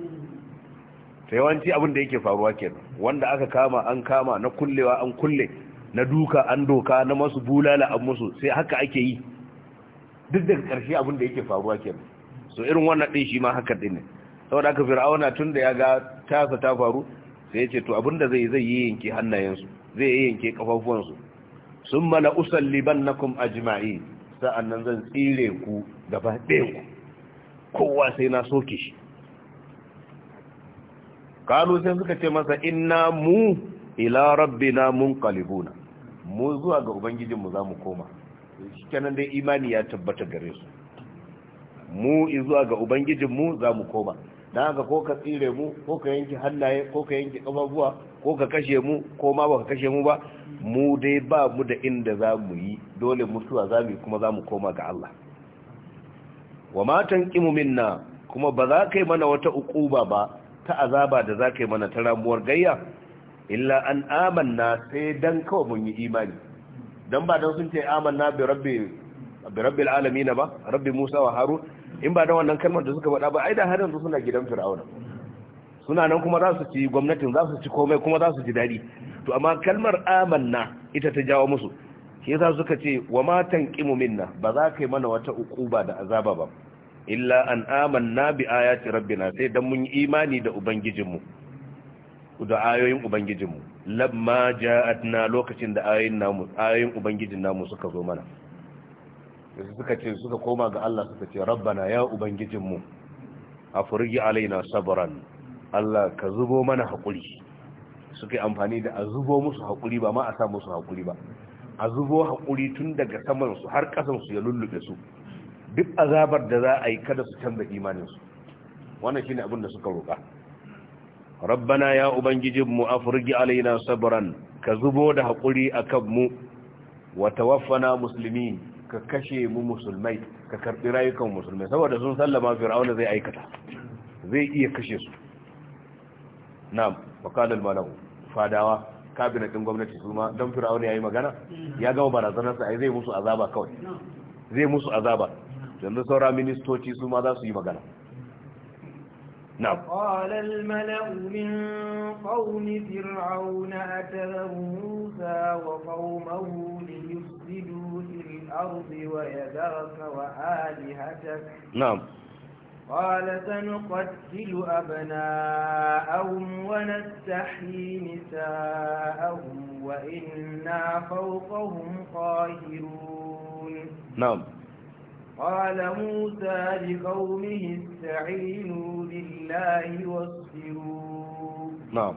[SPEAKER 1] ta yawanci abin da yake faruwa ke wanda aka kama an kama na kullewa an kulle na duka an doka na masu bulala an musu sai haka ake yi duk daga ƙarshe abin da yake faruwa kenan so irin wannan ɗin shi ma haka ɗin ne saboda aka fir'auna tun da ya ga tasa ta faru sai ya ce to abinda zai zai yi yanke hannayensu zai yi yanke kafafuwansu sun mana liban na kum jima'i. sa'an nan zan tsire ku gaba ɗaya ku kowa sai na soke shi kalu sai suka ce masa inna mu ila Rabbi rabbina munqalibuna mu zuwa ga ubangijinmu za mu koma shi kenan dai imani ya tabbata gare su mu zuwa ga ubangijinmu za mu koma da haka ko ka tsire mu ko ka yanki hannaye ko ka yanki ƙafafuwa ko ka kashe mu ko ma ba ka kashe mu ba mu dai ba mu da inda za mu yi dole mutuwa za mu yi kuma za mu koma ga Allah wa matan ƙimu minna kuma ba za ka yi mana wata ukuba ba ta azaba da za ka yi mana ta ramuwar gayya illa an amanna sai dan kawai mun yi imani dan ba dan sun ce amanna bi rabbi bi rabbil alamin ba rabbi musa wa harun in ba da wannan kalmar da suka faɗa ba ai da har yanzu suna gidan fir'auna suna nan kuma za su ci gwamnatin za su ci komai kuma za su ji daɗi to amma kalmar amanna ita ta jawo musu shi yasa suka ce wa ma tanqimu minna ba za ka yi mana wata ukuba da azaba ba illa an amanna bi ayati rabbina sai dan mun yi imani da ubangijinmu da ayoyin ubangijinmu lamma ja'atna lokacin da ayoyin namu ayoyin ubangijin namu suka zo mana da suka ce suka koma ga Allah suka ce rabbana ya ubangijinmu a furgi alaina sabran Allah ka zubo mana haƙuri suka yi amfani da a zubo musu haƙuri ba ma a sa musu haƙuri ba a zubo haƙuri tun daga samansu har ƙasansu ya lullube su duk azabar da za a yi kada su canza imaninsu wannan shine abin da suka roƙa rabbana ya ubangijinmu a furgi alaina sabran ka zubo da haƙuri akan mu wa tawaffana muslimin ka kashe mu musulmai ka karbi rayukan musulmai saboda sun sallama fir'auna zai aikata zai iya kashe su na'am wakalar malahu fadawa kabinet gwamnati su ma don fir'auna yayi magana ya gama barazanar sa zai musu azaba kawai zai musu azaba yanzu saura ministoci su ma za su yi magana نعم
[SPEAKER 2] قال الملأ من قوم فرعون أتذر موسى وقومه ليفسدوا الأرض ويذرك وآلهتك نعم قال سنقتل أبناءهم ونستحيي نساءهم وإنا فوقهم قاهرون نعم قال موسى لقومه استعينوا بالله واصبروا نعم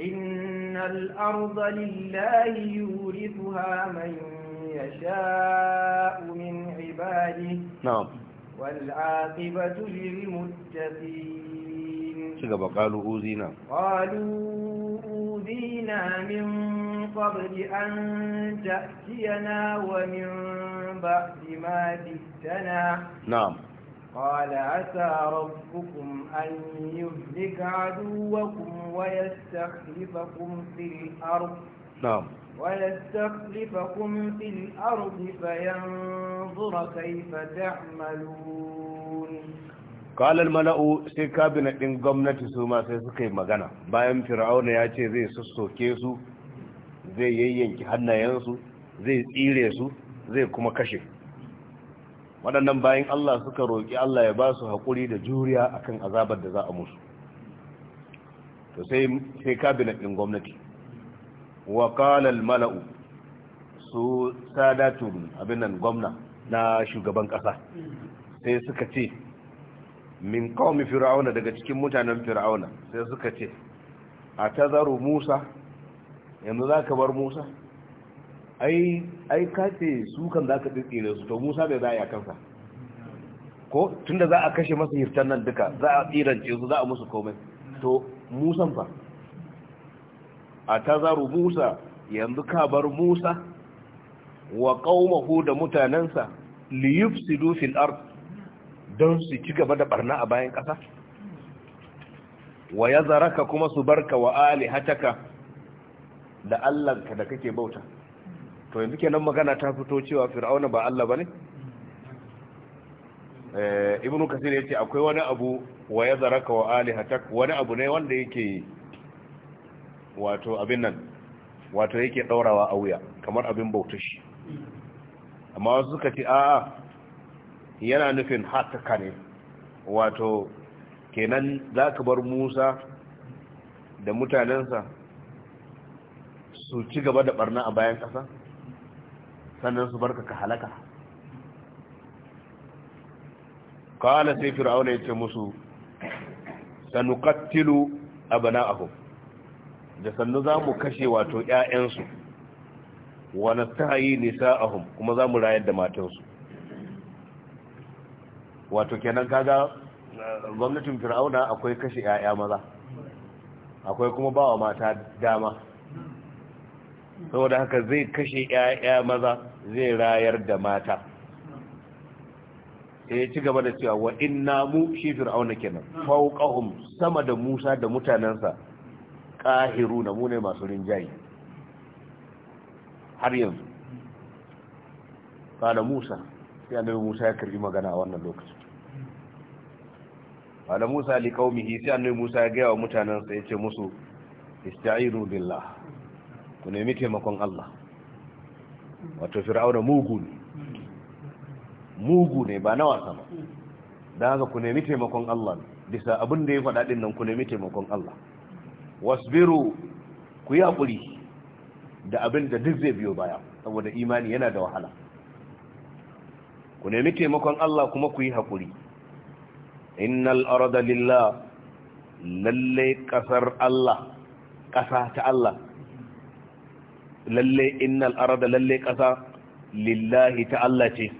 [SPEAKER 2] إن الأرض لله يورثها من يشاء من عباده نعم والعاقبة للمتقين
[SPEAKER 1] قالوا أوذينا
[SPEAKER 2] قالوا أوذينا من قبل أن تأتينا ومن بعد ما جئتنا نعم قال عسى ربكم أن يهلك عدوكم ويستخلفكم في الأرض نعم ويستخلفكم في الأرض فينظر كيف تعملون
[SPEAKER 1] قال الملأ sai kabinet ɗin gwamnati su ma sai suka yi magana bayan fir'auna ya ce zai sassoke su zai yayyanki hannayensu zai tsire su zai kuma kashe waɗannan bayan Allah suka roƙi Allah ya ba su haƙuri da juriya akan azabar da za a musu to sai kabinet ɗin gwamnati wa kalal mala'u su sadatun abinan gwamna na shugaban ƙasa sai suka ce min kawami fir'auna daga cikin mutanen fir'auna sai suka ce a zaro musa yanzu za ka bar musa ai kace su kan za ka tsitsire su to musa bai za a yi kansa ko tunda za a kashe masu hirtan nan duka za a tsirance su za a musu komai to musan fa a tazaru musa yanzu ka bar musa wa ƙaumahu da mutanensa liyuf sidu fil ard don su ci gaba da barna a bayan ƙasa wa ya zaraka kuma su barka wa hataka da allanka da kake bauta to yanzu kenan magana ta fito cewa fir'auna ba allah ba ne eh, ibnu kasir ya ce akwai wani abu wa ya zaraka wa hataka wani abu ne wanda yake wato abin nan wato yake daurawa a wuya kamar abin bauta shi amma wasu suka ce a'a yana nufin hataka ne wato kenan za ka bar musa da mutanensa su ci gaba da barna a bayan ƙasa sannan su barka ka halaka kawala sai fir'auna ya ce musu a sanukattilu abana'ahum da sannu za mu kashe wato ‘ya'yansu ta nisa a nisa'ahum kuma za mu rayar da matansu wato kenan kaga gwamnatin fir'auna akwai kashe ‘ya'ya maza akwai kuma ba wa mata dama saboda haka zai kashe ‘ya'ya maza zai rayar da mata E, ci gaba da cewa wa inna mu shi fir'auna kenan fauqahum sama da Musa da mutanansa Kahiru na mune masu rinjaye har yanzu kada musa sai annabi musa ya karbi magana a wannan lokacin kada musa li qaumihi sai annabi musa ya gaya wa mutanen sai ce musu istaeenu billah ku nemi taimakon Allah wato fir'auna mugu ne mugu ne ba na wasa ba da haka ku nemi taimakon Allah bisa abin da ya faɗa ɗin nan ku nemi taimakon Allah wasbiru ku yi haƙuri da abin da duk zai biyo baya saboda imani yana da wahala ku nemi taimakon Allah kuma ku yi haƙuri innal arda lillah lalle kasar Allah ƙasa ta Allah lalle innal arda lalle ƙasa lillahi ta Allah ce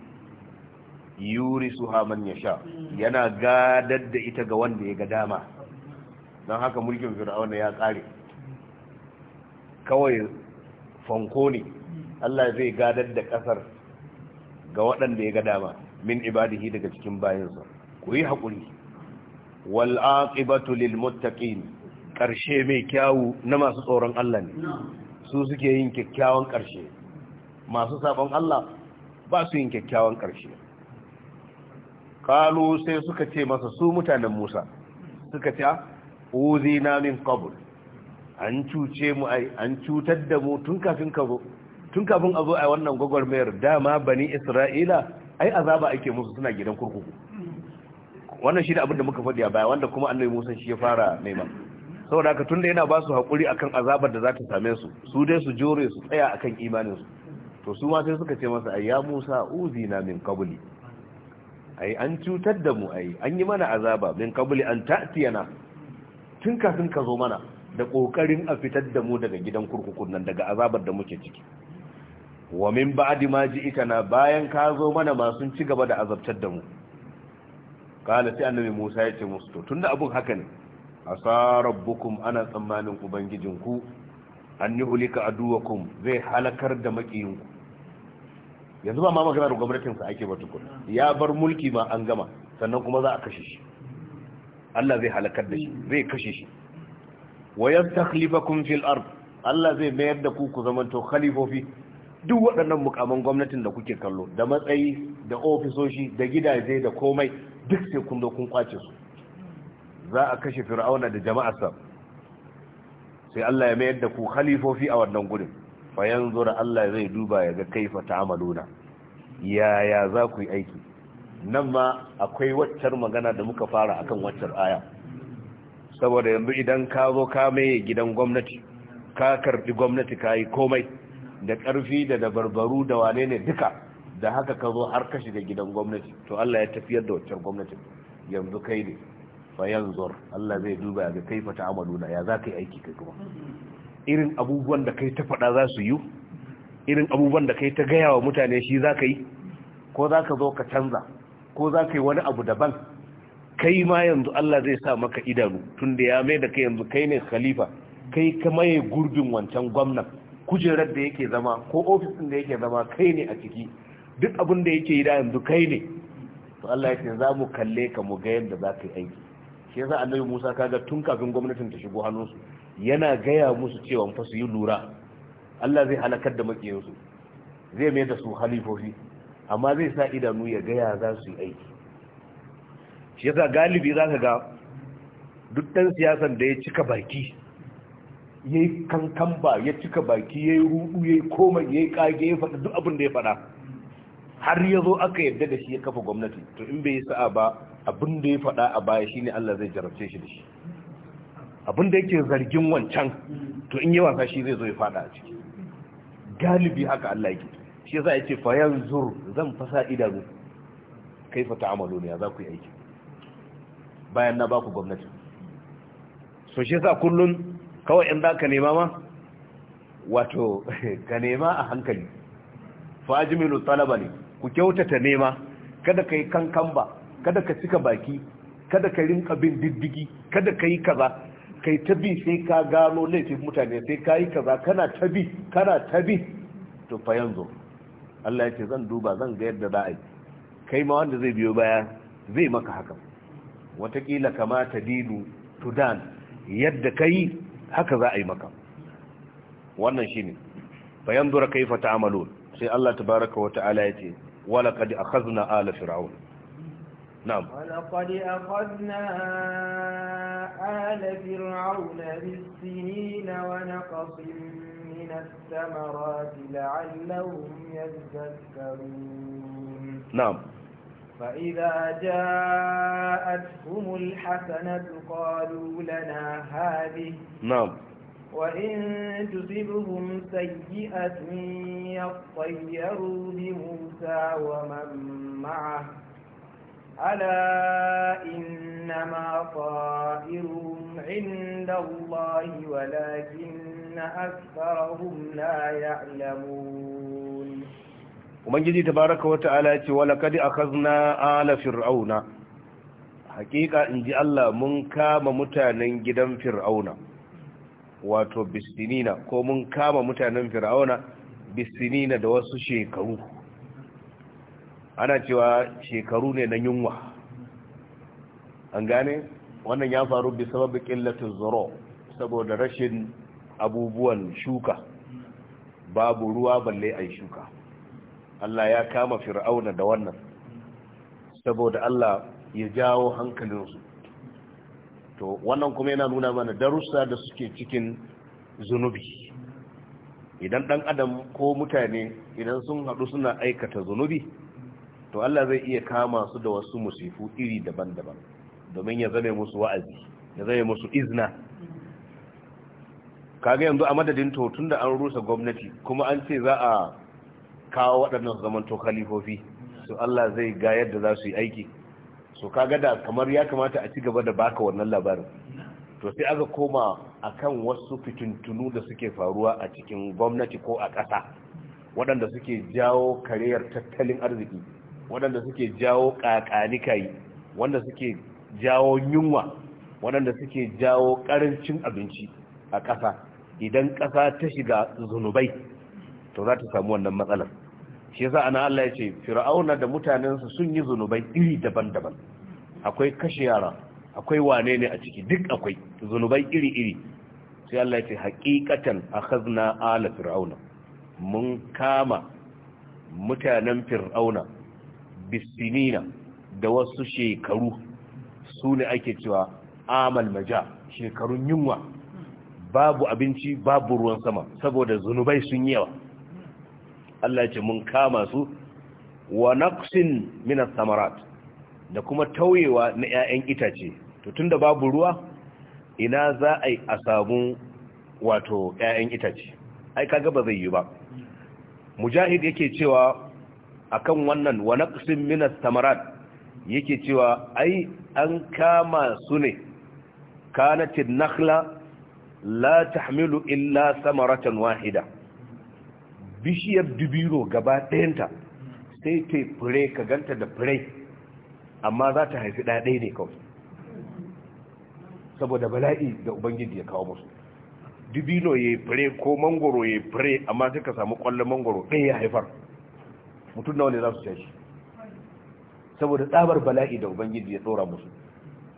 [SPEAKER 1] suha man yasha yana gadar da ita ga wanda ya ga dama don haka mulkin fir'auna ya ƙare kawai fanko ne Allah zai gadar da ƙasar ga waɗanda ya ga dama min ibadihi daga cikin bayansa ku yi haƙuri wal'aƙibatu lilmuttaƙin ƙarshe mai kyawu na masu tsoron Allah ne su suke yin kyakkyawan ƙarshe masu sabon Allah ba su yin kyakkyawan ƙarshe kalu sai suka ce masa su mutanen Musa suka ce ah, uzina min qabl an cuce mu ai an cutar da mu tun kafin ka zo tun kafin a zo a wannan gwagwarmayar dama bani isra'ila ai azaba ake musu suna gidan kurkuku wannan shi da abin da muka faɗi a baya wanda kuma annabi musa shi ya fara neman. saboda haka tunda yana ba su haƙuri akan azabar da za ta same su su dai su jore su tsaya akan imanin su to su ma sai suka ce masa ai ya musa uzina min qabli ai an cutar da mu ai an yi mana azaba min qabli an ta'tiyana tun kafin ka zo mana da ƙoƙarin a fitar da mu daga gidan kurkukun nan daga azabar da muke ciki wa min ba'di ma na bayan ka zo mana ma sun ci gaba da azabtar da mu kala sai annabi Musa ya ce musu to tunda abun haka ne asa rabbukum ana tsammanin ubangijinku an yuhlika aduwakum zai halakar da makiyinku yanzu ba ma magana da gwamnatin sa ake ba tukun ya bar mulki ma an gama sannan kuma za a kashe shi Allah zai halakar da shi zai kashe shi wa yastakhlifakum fil ard Allah zai mayar da ku ku zamanto khalifofi duk waɗannan mukaman gwamnatin da kuke kallo da matsayi da ofisoshi da gidaje da komai duk sai kun zo kun kwace su za a kashe fir'auna da jama'arsa sai Allah ya mayar da ku khalifofi a wannan gurin fa yanzu Allah zai duba ya ga kaifa ta'amaluna yaya za ku yi aiki nan ma akwai waccar magana da muka fara akan waccar aya saboda yanzu idan ka zo ka mai gidan gwamnati ka karbi gwamnati ka yi komai da ƙarfi da dabarbaru da wane ne duka da haka ka zo har ka shiga gidan gwamnati to Allah ya tafiyar da waccar gwamnati yanzu kai ne fa yanzur Allah zai duba ga kai fata na ya za ka yi aiki kai kuma irin abubuwan da kai ta faɗa za su yi irin abubuwan da kai ta gaya wa mutane shi za ka yi ko za ka zo ka canza ko za ka yi wani abu daban kai ma yanzu Allah zai sa maka idanu tunda ya mai da kai yanzu kai ne khalifa kai ka maye gurbin wancan gwamnan kujerar da yake zama ko ofisin da yake zama kai ne a ciki duk abin da yake yi da yanzu kai ne to Allah ya ce za mu kalle ka mu ga yadda za ka yi aiki shi yasa Annabi Musa kaga tun kafin gwamnatin ta shigo hannunsu yana gaya musu cewa fa su yi lura Allah zai halakar da makiyansu zai mai da su halifofi amma zai sa idanu ya gaya za su yi aiki shi yasa galibi za ka ga duk ɗan siyasan da ya cika baki ya yi kankan ya cika baki ya yi rudu ya yi komai ya yi kage ya faɗa duk abin da ya faɗa har ya zo aka yadda da shi ya kafa gwamnati to in bai yi sa'a ba abin da ya faɗa a baya shi ne Allah zai jarabce shi da shi abin da yake zargin wancan to in yi wasa shi zai zo ya faɗa a ciki galibi haka Allah ke. shi a ce fayan zur zan fasa idanu fata ta'maluna ne za ku yi aiki bayan na baku gwamnati so shi za kullum kawai in ka nema ma wato ka nema a hankali fajimilu talaba ne ku kyautata nema kada yi kankan ba kada ka cika baki kada ka rinka bin diddigi kada ka yi kaza kai ta bi sai ka gano laifin mutane sai ka yi kaza kana ta bi kana to fa yanzu Allah ya ce zan duba zan ga yadda za a yi kai ma wanda zai biyo baya zai maka haka watakila kamata ta tudan yadda ka yi haka za a yi maka wannan shi ne bayan dura kai fata amalo sai Allah ta baraka wa ta'ala ya ce wala kadi a khazna ala fir'aun na'am
[SPEAKER 2] wala kadi a khazna ala fir'aun من الثمرات لعلهم يذكرون نعم فإذا جاءتهم الحسنة قالوا لنا هذه نعم وإن تصبهم سيئة يطيروا بموسى ومن معه ألا إنما طائرهم عند الله ولكن ولكن أكثرهم لا يعلمون
[SPEAKER 1] ومن تبارك وتعالى ولقد أخذنا آل فرعون hakika in ji Allah mun kama mutanen gidan fir'auna wato bisinina ko mun kama mutanen fir'auna bisinina da wasu shekaru ana cewa shekaru ne na yunwa an gane wannan ya faru bi sababi qillatul zuro saboda rashin abubuwan shuka babu ruwa balle a shuka Allah ya kama fir'auna da wannan saboda Allah ya jawo hankalinsu to wannan kuma yana nuna mana darussa da suke cikin zunubi idan dan adam ko mutane idan sun haɗu suna aikata zunubi to Allah zai iya kama su da wasu musifu iri daban-daban domin ya zame musu wa'azi ya zame musu izna kaga yanzu a madadin to tun da an rusa gwamnati kuma an ce za a kawo waɗannan zaman to khalifofi su Allah zai ga yadda za su yi aiki so kaga da kamar ya kamata a ci gaba da baka wannan labarin to sai aka koma akan wasu fitintunu da suke faruwa a cikin gwamnati ko a ƙasa waɗanda suke jawo kariyar tattalin arziki waɗanda suke jawo ƙaƙanikai wanda suke jawo yunwa waɗanda suke jawo ƙarancin abinci a ƙasa idan ƙasa ta shiga zunubai to za ta samu wannan matsalar shi yasa ana Allah ya ce fir'auna da mutanensa sun yi zunubai iri daban-daban akwai kashe yara akwai wane ne a ciki duk akwai zunubai iri-iri sai Allah ya ce haƙiƙatan akhazna ala fir'auna mun kama mutanen fir'auna bisinina da wasu shekaru su ne ake cewa amal maja shekarun yunwa babu abinci babu ruwan sama saboda zunubai sun yawa Allah ce mun kama su wa naqsin min as-samarat da kuma tauyewa na 'ya'yan itace to tunda babu ruwa ina za a yi a samu wato 'ya'yan itace ai kaga ba zai yi ba mujahid yake cewa akan wannan wa naqsin min as-samarat yake cewa ai an kama su ne kanatin nakhla la tahmilu illa samaratan wahida bishiyar dubiro gaba ɗayanta sai ta fure ka ganta da fure amma za ta haifi ɗaya ɗaya ne kawai saboda bala'i da ubangiji ya kawo musu dubino ya yi fure ko mangoro ya yi fure amma sai ka samu ƙwallon mangoro ɗaya ya haifar mutum nawa ne za su shi saboda tsabar bala'i da ubangiji ya tsora musu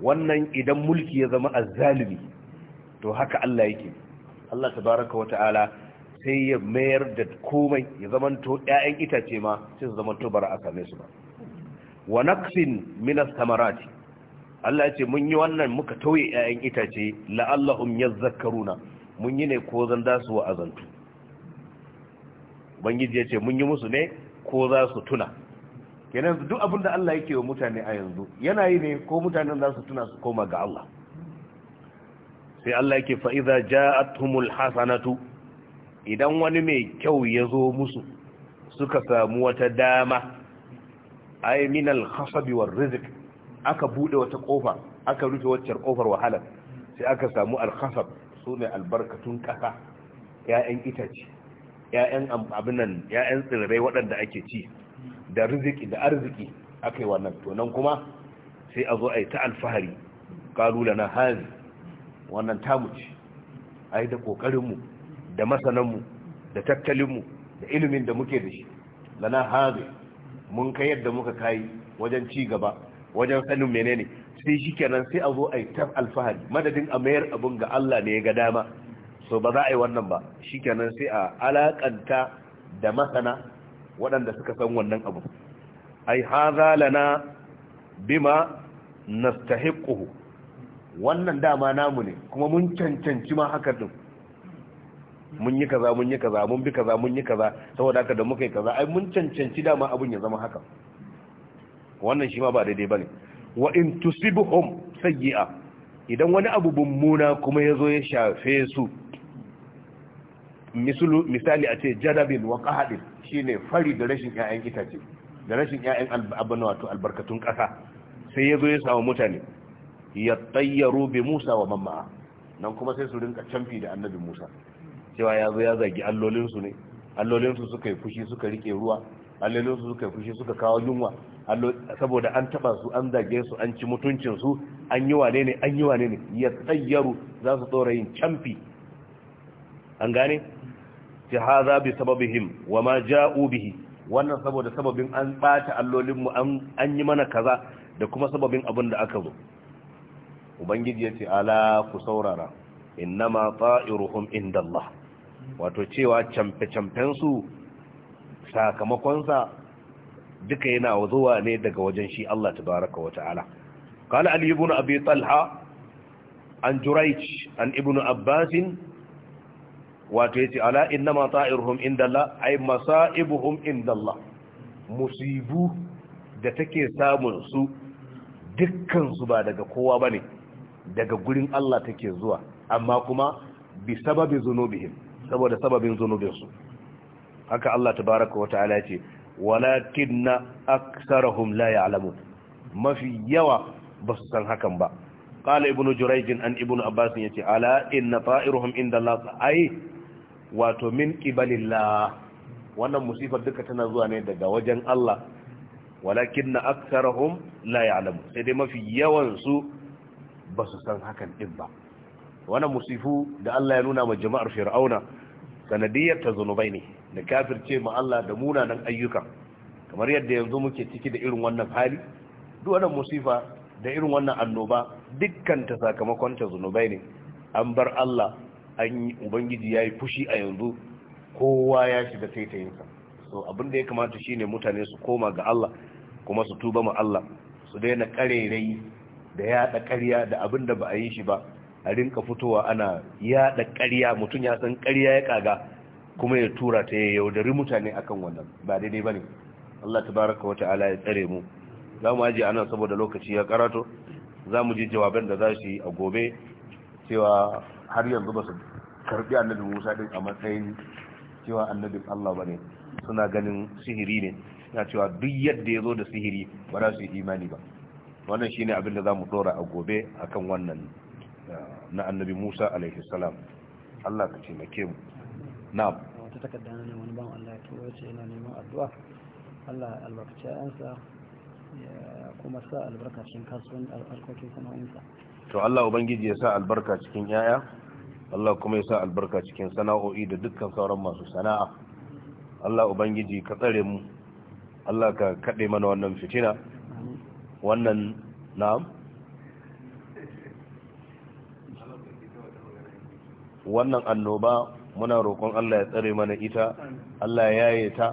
[SPEAKER 1] wannan idan mulki ya zama azzalimi to haka Allah yake Allah tabaraka wa ta'ala sai ya mayar da komai ya zamanto ƴaƴan itace ma sai su zamanto bara a same su ba wa naqsin min as-samarati Allah yace mun yi wannan muka tauye ƴaƴan itace la'allahum yadhakkaruna mun yi ne ko zan da su azantu? ubangiji ya ce mun yi musu ne ko za su tuna kenan duk abin da Allah yake wa mutane a yanzu yana yi ne ko mutanen za su tuna su koma ga Allah sai Allah yake Faiza, idza ja'atuhumul hasanatu idan wani mai kyau ya zo musu suka samu wata dama ay min al-khasab rizq aka bude wata kofa aka rufe waccar ƙofar wahala sai aka samu al-khasab sune albarkatun kasa Ya'yan itace ƴaƴan abinan ya'yan tsirrai waɗanda ake ci da riziki da arziki yi wannan to kuma sai a zo a yi ta alfahari ƙalula na hazi wannan tamu ce ai da ƙoƙarinmu da masananmu da tattalinmu da ilimin da muke da shi lana haɗe mun kai yadda muka kai wajen ci gaba wajen sanin menene sai shikenan sai a zo a yi taf alfahari madadin a mayar abun ga Allah ne ya ga dama so ba za a yi wannan ba Shi shikenan sai a alaƙanta da masana waɗanda suka san wannan abu ai haza lana bima nastahiquhu wannan dama namu ne kuma mun cancanci ma haka din mun yi kaza mun yi kaza mun bi kaza mun yi kaza saboda haka da muka yi kaza ai mun cancanci dama abun ya zama haka wannan shi ma ba daidai bane wa in tusibuhum sayyi'a idan wani abu bummuna kuma yazo ya shafe su misulu misali a ce jadabin wa qahadin shine fari da rashin ƴaƴan itace da rashin ƴaƴan abana albarkatun ƙasa sai yazo ya samu mutane yattayyaru bi Musa wa mamma nan kuma sai su rinka canfi da annabi Musa cewa ya zo ya zagi allolin su ne allolin su suka yi fushi suka rike ruwa allolin su suka yi fushi suka kawo yunwa saboda an taba su an zage su an ci mutuncin su an yi wane ne an yi wane ne yattayyaru za su tsora yin canfi an gane ta haza bi sababihim wa ma ja'u bihi wannan saboda sababin an bata allolin mu an yi mana kaza da kuma sababin abin da aka zo ubangiji ya ce ala ku saurara innama ta'iruhum indallah wato cewa camfe-camfen su sakamakonsa duka yana zuwa ne daga wajen shi Allah tabaraka wa ta'ala qala ali ibn abi talha an jurayj an ibn abbas wato yace ala innama ta'iruhum indallah ay masa'ibuhum indallah musibu da take samun su dukkan su ba daga kowa bane daga gurin Allah take zuwa amma kuma bi sababi zunubihim saboda sababin zunubinsu haka Allah tabaraka wa ta'ala ce walakinna aktharuhum la ya'lamun mafi yawa ba su san hakan ba qala ibnu jurayj an ibnu abbas yace ala inna ta'iruhum inda Allah ay wato min qibalillah wannan musifar duka tana zuwa ne daga wajen Allah walakinna aktharuhum la ya'lamun sai dai mafi yawan su ba su san hakan din ba wannan musifu da Allah ya nuna ma jama'ar fir'auna sanadiyar ta zunubai ne da kafirce ma Allah da munanan ayyuka kamar yadda yanzu muke ciki da irin wannan hali duk wannan musifa da irin wannan annoba dukkan ta sakamakon ta zunubai ne an bar Allah an ubangiji yayi fushi a yanzu kowa ya shiga taitayinsa so abin da ya kamata shine mutane su koma ga Allah kuma su tuba ma Allah su daina karerai da yaɗa ƙarya da abin da ba a yi shi ba a rinka fitowa ana yaɗa ƙarya mutum ya san ƙarya ya kaga kuma ya tura ta ya yaudari mutane akan wannan ba daidai ba ne Allah ta baraka wa ta'ala ya tsare mu za mu ajiye anan saboda lokaci ya karato za mu ji jawaban da za su yi a gobe cewa har yanzu ba su karbi annabi musa din a matsayin cewa annabin Allah ba ne suna ganin sihiri ne na cewa duk yadda ya zo da sihiri ba za su yi imani ba wannan shine abin da zamu dora a gobe akan wannan na annabi Musa alaihi salam Allah ka taimake mu na'am
[SPEAKER 2] wata takarda ne wani ban Allah to wace yana neman addu'a Allah albarkaci ansa ya kuma sa albarka cikin kasuwan harkokin sana'o'insa
[SPEAKER 1] to Allah ubangiji ya sa albarka cikin yaya Allah kuma ya sa albarka cikin sana'o'i da dukkan sauran masu sana'a Allah ubangiji ka tsare mu Allah ka kaɗe mana wannan fitina wannan na'am wannan annoba muna roƙon Allah ya tsare mana ita Allah ya yaye ta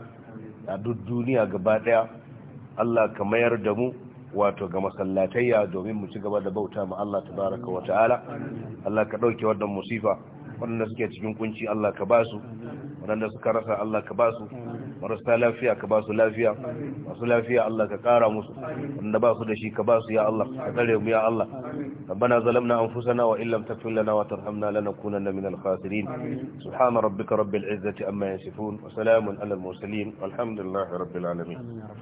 [SPEAKER 1] a duk duniya gaba ɗaya Allah ka mayar da mu wato ga masallatayya domin mu ci gaba da bauta ma Allah tabaraka wa ta'ala Allah ka ɗauke wannan musifa waɗanda suke cikin kunci Allah ka basu waɗanda suka rasa Allah ka basu marasa lafiya ka ba su lafiya Allah ka kara musu wanda ba su da shi ka ba su ya Allah ka tsare mu ya Allah rabbana zalamna anfusana wa illam taghfir lana wa tarhamna lanakunanna minal khasirin
[SPEAKER 3] subhana rabbika rabbil izzati amma yasifun wa salamun alal mursalin walhamdulillahi rabbil alamin